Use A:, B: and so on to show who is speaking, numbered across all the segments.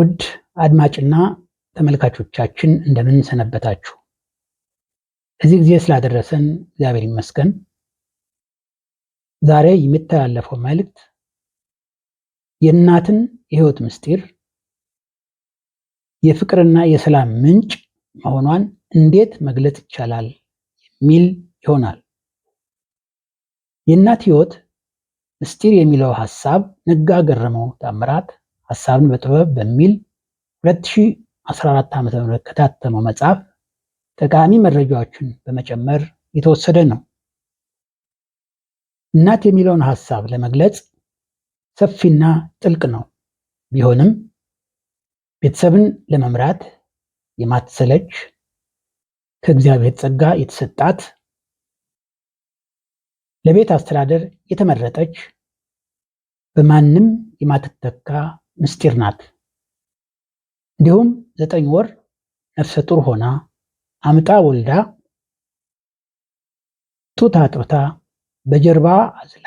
A: ውድ አድማጭና ተመልካቾቻችን እንደምን ሰነበታችሁ? እዚህ ጊዜ ስላደረሰን እግዚአብሔር ይመስገን። ዛሬ የሚተላለፈው መልእክት የእናትን የህይወት ምስጢር የፍቅርና የሰላም ምንጭ መሆኗን እንዴት መግለጽ ይቻላል የሚል ይሆናል። የእናት ህይወት ምስጢር የሚለው ሀሳብ ነጋ ገረመው ታምራት ሀሳብን በጥበብ በሚል 2014 ዓ.ም ከታተመው መጽሐፍ ጠቃሚ መረጃዎችን በመጨመር የተወሰደ ነው። እናት የሚለውን ሀሳብ ለመግለጽ ሰፊና ጥልቅ ነው። ቢሆንም ቤተሰብን ለመምራት የማትሰለች ከእግዚአብሔር ጸጋ የተሰጣት ለቤት አስተዳደር የተመረጠች በማንም የማትተካ ምስጢር ናት። እንዲሁም ዘጠኝ ወር ነፍሰ ጡር ሆና አምጣ ወልዳ ጡት አጥብታ በጀርባ አዝላ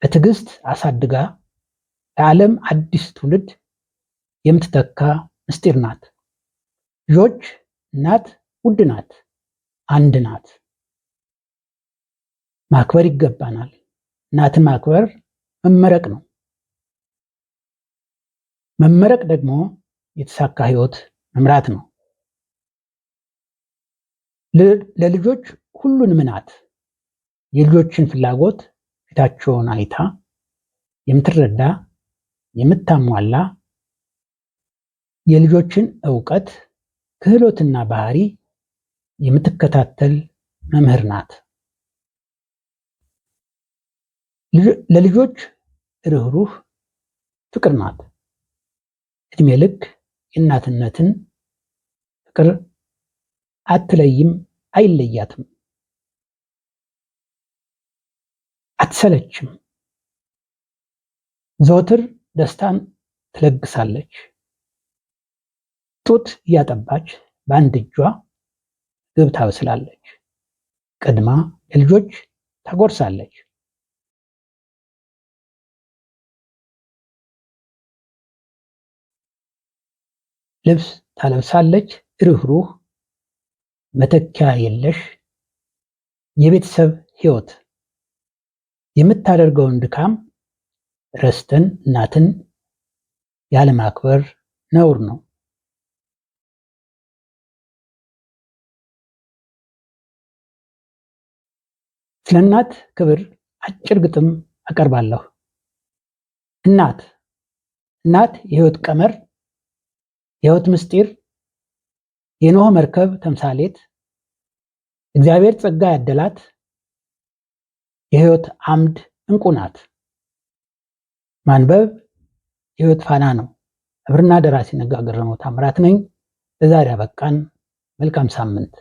A: በትዕግስት አሳድጋ ለዓለም አዲስ ትውልድ የምትተካ ምስጢር ናት። ልጆች እናት ውድ ናት፣ አንድ ናት። ማክበር ይገባናል። እናትን ማክበር መመረቅ ነው። መመረቅ ደግሞ የተሳካ ህይወት መምራት ነው። ለልጆች ሁሉንም ናት የልጆችን ፍላጎት ፊታቸውን አይታ የምትረዳ የምታሟላ የልጆችን እውቀት ክህሎትና ባህሪ የምትከታተል መምህር ናት። ለልጆች ርኅሩህ ፍቅር ናት። እድሜ ልክ የእናትነትን ፍቅር አትለይም፣ አይለያትም፣ አትሰለችም። ዘወትር ደስታን ትለግሳለች። ጡት እያጠባች በአንድ እጇ ግብ ታበስላለች። ቀድማ ለልጆች ታጎርሳለች። ልብስ ታለብሳለች ርኅሩህ መተኪያ የለሽ የቤተሰብ ህይወት! የምታደርገውን ድካም ረስትን እናትን ያለማክበር ነውር ነው። ስለ እናት ክብር አጭር ግጥም አቀርባለሁ። እናት እናት የህይወት ቀመር የህይወት ምስጢር የኖህ መርከብ ተምሳሌት እግዚአብሔር ጸጋ ያደላት የህይወት አምድ እንቁ ናት። ማንበብ የህይወት ፋና ነው። እብርና ደራሲ ነጋ ገረመው ታምራት ነኝ። ለዛሬ አበቃን። መልካም ሳምንት